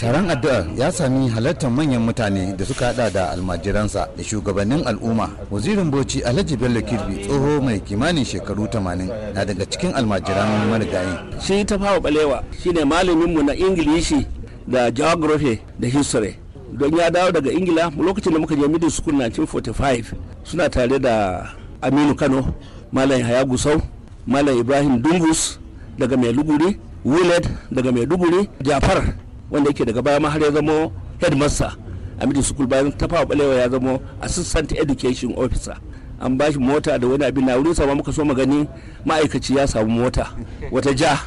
taron addu'a ya sami halartar manyan mutane da suka hada da almajiransa da shugabannin al'umma wazirin bauchi alhaji bello kirbi tsoho mai kimanin shekaru 80 na daga cikin almajiran marigayin shi ta fawa balewa shine malaminmu na ingilishi da geography da history don ya dawo daga ingila lokacin da muka je middle school 1945 suna tare da aminu kano malam haya gusau malam ibrahim dungus daga maiduguri willard daga maiduguri jafar wanda yake daga baya ma har ya zamo headmaster a middle school bayan tafawa balewa ya zama assistant education officer an ba shi mota da wani abin na wurin sama muka so magani ma'aikaci ya samu mota wata ja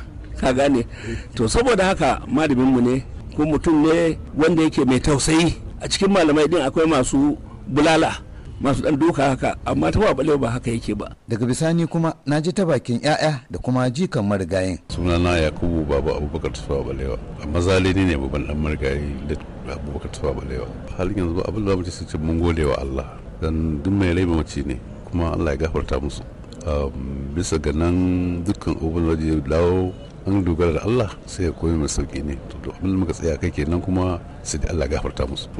ka gane to saboda haka malaminmu ne ko mutum ne wanda yake mai tausayi a cikin malamai din akwai masu bulala masu dan doka haka amma ta ba ba haka yake ba daga bisani kuma na ji ta bakin yaya da kuma jikan marigayin sunana yakubu baba abubakar ba balewa amma zalini ne babban dan marigayi abubakar ba balewa halin yanzu abin da su ce mun gode wa allah dan duk mai laifin mace ne kuma allah ya gafarta musu bisa ga nan dukkan abubuwan da ya dawo an dogara da Allah sai ya koyi mai sauki ne to abin da muka tsaya kai kenan kuma sai da Allah gafarta musu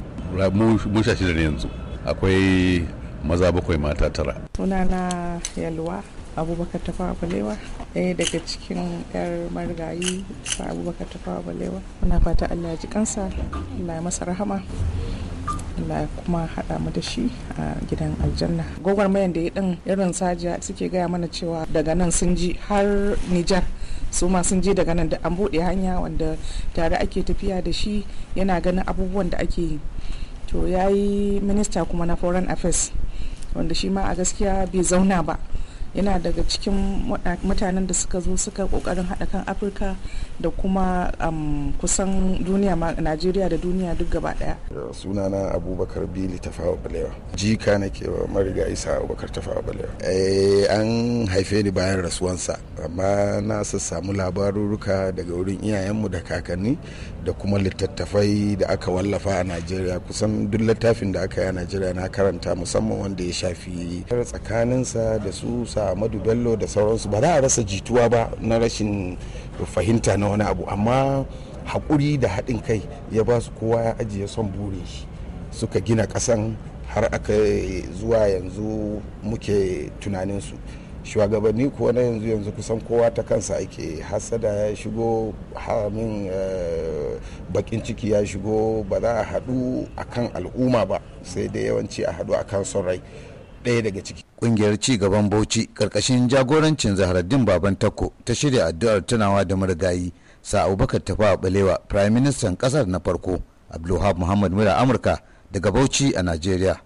mun sha da ne yanzu akwai maza bakwai mata tara sunana yalwa abubakar tafawa balewa ɗaya daga cikin 'yar marigayi sa abubakar tafawa balewa muna fata allah ji kansa allah masa rahama Allah kuma haɗa mu da shi a gidan aljanna gwagwarmayan da ya ɗin irin sajiya suke gaya mana cewa daga nan sun ji har nijar su ma sun je daga nan da an buɗe hanya wanda tare ake tafiya da shi yana ganin abubuwan da ake to ya yi minista kuma na foreign affairs wanda shi ma a gaskiya bai zauna ba yana daga cikin mutanen da suka zo suka kokarin haɗa kan afirka da kuma kusan duniya najeriya da duniya duk gaba daya sunana abubakar bili tafawa balewa jika na ke mariga isa abubakar tafawa balewa eh, an haife ni bayan rasuwansa amma na samu labaruruka daga wurin iyayenmu da kakanni da kuma littattafai da aka wallafa a najeriya kusan duk littafin da aka yi a najeriya na karanta musamman wanda ya shafi tsakaninsa da su sa sa Bello da sauransu ba za a rasa jituwa ba na rashin fahimta na wani abu amma haƙuri da haɗin kai ya ba su kowa ya ajiye son buri shi suka gina ƙasan har aka zuwa yanzu muke tunaninsu shugabanni kuwa na yanzu yanzu kusan kowa ta kansa ake hasada ya shigo haramin eh, bakin ciki ya shigo ba za a haɗu akan al'umma ba sai dai yawanci a haɗu akan son rai ɗaya daga ciki. Ƙungiyar ci gaban Bauchi ƙarƙashin jagorancin Zaharaddin Baban Takko ta shirya addu'ar tunawa da marigayi sa Abubakar Tafa Balewa Prime Ministan ƙasar na farko Abdulhab Muhammad Mura Amurka daga Bauchi a Najeriya.